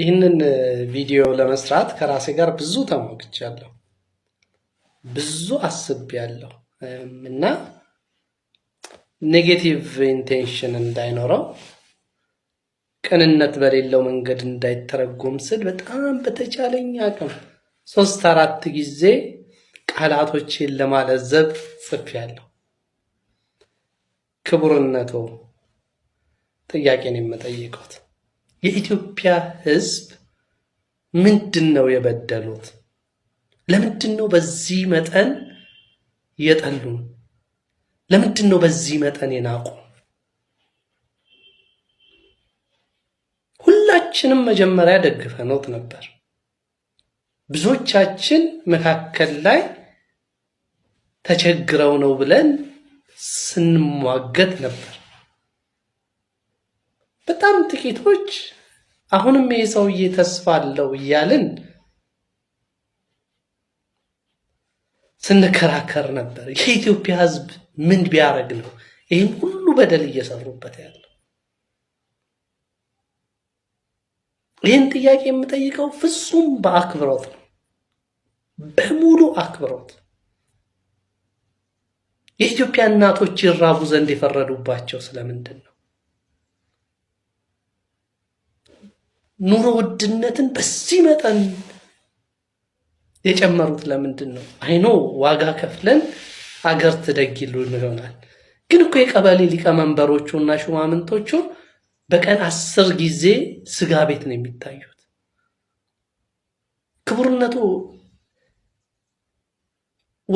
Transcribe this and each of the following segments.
ይህንን ቪዲዮ ለመስራት ከራሴ ጋር ብዙ ያለው ብዙ አስቤያለሁ እና ኔጌቲቭ ኢንቴንሽን እንዳይኖረው ቅንነት በሌለው መንገድ እንዳይተረጎም ስል በጣም በተቻለኝ አቅም ሶስት አራት ጊዜ ቃላቶችን ለማለዘብ ጽፌያለሁ። ክቡርነቱ ጥያቄን የምጠይቀውት የኢትዮጵያ ሕዝብ ምንድን ነው የበደሉት? ለምንድን ነው በዚህ መጠን የጠሉን? ለምንድን ነው በዚህ መጠን የናቁ? ሁላችንም መጀመሪያ ደግፈነውት ነበር። ብዙዎቻችን መካከል ላይ ተቸግረው ነው ብለን ስንሟገት ነበር። በጣም ጥቂቶች አሁንም ይህ ሰውዬ ተስፋ አለው እያልን ስንከራከር ነበር። የኢትዮጵያ ሕዝብ ምን ቢያደርግ ነው ይህም ሁሉ በደል እየሰሩበት ያለው? ይህን ጥያቄ የምጠይቀው ፍጹም በአክብሮት ነው፣ በሙሉ አክብሮት። የኢትዮጵያ እናቶች ይራቡ ዘንድ የፈረዱባቸው ስለምንድን ነው? ኑሮ ውድነትን በዚህ መጠን የጨመሩት ለምንድን ነው? አይኖ ዋጋ ከፍለን አገር ትደግ ይሆናል። ግን እኮ የቀበሌ ሊቀመንበሮቹ እና ሹማምንቶቹ በቀን አስር ጊዜ ስጋ ቤት ነው የሚታዩት። ክቡርነቱ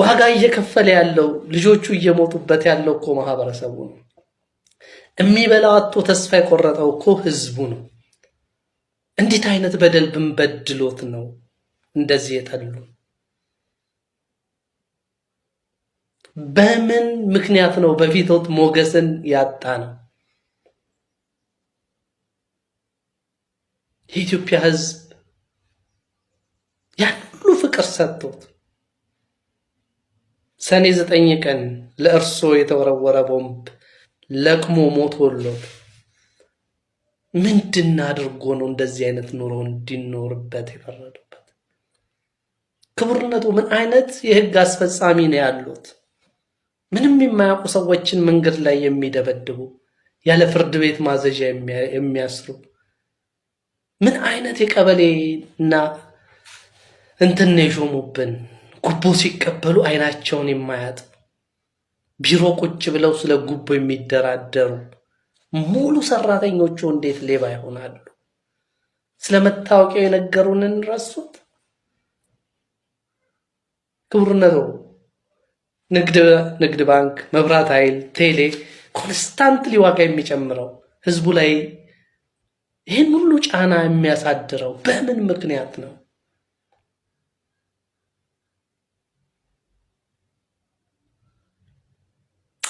ዋጋ እየከፈለ ያለው ልጆቹ እየሞቱበት ያለው እኮ ማህበረሰቡ ነው። የሚበላው አቶ ተስፋ የቆረጠው እኮ ህዝቡ ነው። እንዴት አይነት በደል ብንበድሎት ነው እንደዚህ የጠሉ? በምን ምክንያት ነው በፊቶት ሞገስን ያጣ ነው? የኢትዮጵያ ሕዝብ ያን ሁሉ ፍቅር ሰጥቶት ሰኔ ዘጠኝ ቀን ለእርሶ የተወረወረ ቦምብ ለቅሞ ሞት ወሎት ምንድን አድርጎ ነው እንደዚህ አይነት ኑሮ እንዲኖርበት የፈረዱበት ክቡርነቱ ምን አይነት የህግ አስፈጻሚ ነው ያሉት? ምንም የማያውቁ ሰዎችን መንገድ ላይ የሚደበድቡ ያለ ፍርድ ቤት ማዘዣ የሚያስሩ ምን አይነት የቀበሌና እንትን የሾሙብን ጉቦ ሲቀበሉ አይናቸውን የማያጥ ቢሮ ቁጭ ብለው ስለ ጉቦ የሚደራደሩ ሙሉ ሰራተኞቹ እንዴት ሌባ ይሆናሉ? ስለ መታወቂያው የነገሩንን ረሱት። ክቡርነቶ ንግድ ባንክ፣ መብራት ኃይል፣ ቴሌ ኮንስታንትሊ ዋጋ የሚጨምረው ህዝቡ ላይ ይህን ሁሉ ጫና የሚያሳድረው በምን ምክንያት ነው?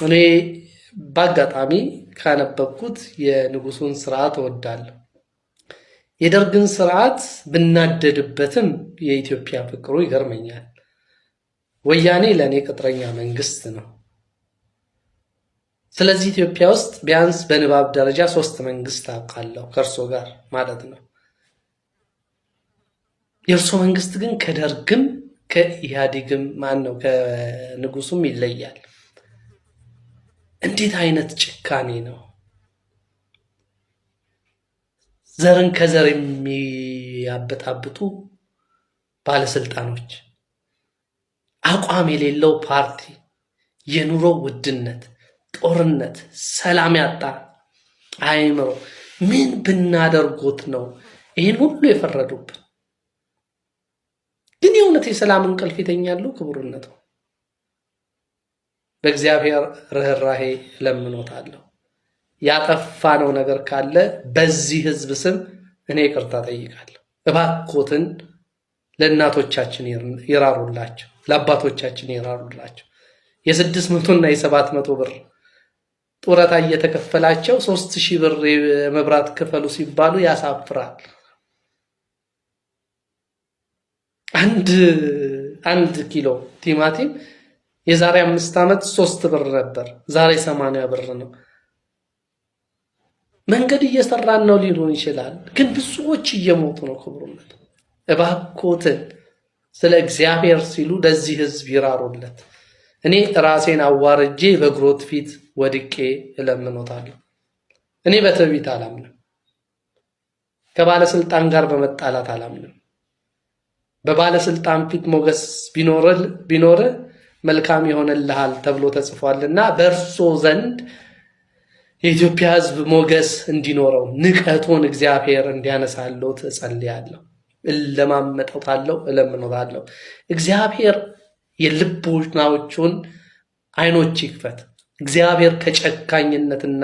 እኔ በአጋጣሚ ካነበብኩት የንጉሱን ስርዓት እወዳለሁ። የደርግን ስርዓት ብናደድበትም የኢትዮጵያ ፍቅሩ ይገርመኛል። ወያኔ ለእኔ ቅጥረኛ መንግስት ነው። ስለዚህ ኢትዮጵያ ውስጥ ቢያንስ በንባብ ደረጃ ሶስት መንግስት አውቃለሁ ከእርሶ ጋር ማለት ነው። የእርሶ መንግስት ግን ከደርግም ከኢህአዴግም ማን ነው ከንጉሱም ይለያል። እንዴት አይነት ጭካኔ ነው! ዘርን ከዘር የሚያበጣብጡ ባለስልጣኖች፣ አቋም የሌለው ፓርቲ፣ የኑሮ ውድነት፣ ጦርነት፣ ሰላም ያጣ አይምሮ ምን ብናደርጎት ነው ይህን ሁሉ የፈረዱብን? ግን የእውነት የሰላም እንቅልፍ ይተኛሉ? ክቡርነቱ በእግዚአብሔር ርኅራሄ ያጠፋ ያጠፋነው ነገር ካለ በዚህ ህዝብ ስም እኔ ይቅርታ ጠይቃለሁ። እባኮትን ለእናቶቻችን ይራሩላቸው፣ ለአባቶቻችን ይራሩላቸው። የስድስት መቶና የሰባት መቶ ብር ጡረታ እየተከፈላቸው ሶስት ሺህ ብር የመብራት ክፈሉ ሲባሉ ያሳፍራል። አንድ አንድ ኪሎ ቲማቲም የዛሬ አምስት ዓመት ሶስት ብር ነበር፣ ዛሬ ሰማንያ ብር ነው። መንገድ እየሰራን ነው ሊሉን ይችላል፣ ግን ብዙዎች እየሞቱ ነው። ክቡርነት እባኮትን ስለ እግዚአብሔር ሲሉ ለዚህ ህዝብ ይራሩለት። እኔ ራሴን አዋርጄ በግሮት ፊት ወድቄ እለምኖታለሁ። እኔ በትዕቢት አላምንም። ከባለስልጣን ጋር በመጣላት አላምንም። በባለስልጣን ፊት ሞገስ ቢኖር መልካም ይሆንልሃል ተብሎ ተጽፏልና በእርሶ ዘንድ የኢትዮጵያ ሕዝብ ሞገስ እንዲኖረው ንቀቱን እግዚአብሔር እንዲያነሳለው ትጸልያለሁ፣ እለማመጠታለሁ፣ እለምኖታለሁ። እግዚአብሔር የልቦናዎቹን አይኖች ይክፈት። እግዚአብሔር ከጨካኝነትና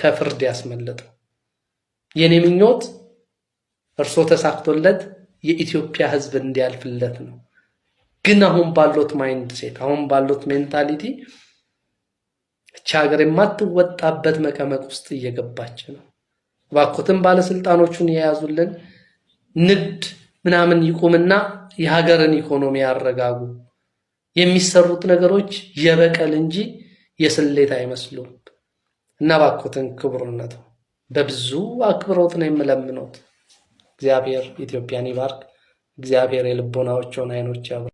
ከፍርድ ያስመልጠው። የኔ ምኞት እርሶ ተሳክቶለት የኢትዮጵያ ሕዝብ እንዲያልፍለት ነው። ግን አሁን ባሉት ማይንድ ሴት አሁን ባሉት ሜንታሊቲ እቺ ሀገር የማትወጣበት መቀመቅ ውስጥ እየገባች ነው። እባኮትን ባለስልጣኖቹን የያዙልን ንግድ ምናምን ይቁምና የሀገርን ኢኮኖሚ ያረጋጉ። የሚሰሩት ነገሮች የበቀል እንጂ የስሌት አይመስሉም። እና እባኮትን ክቡርነቱ በብዙ አክብሮት ነው የምለምኖት። እግዚአብሔር ኢትዮጵያን ይባርክ። እግዚአብሔር የልቦናዎቸውን አይኖች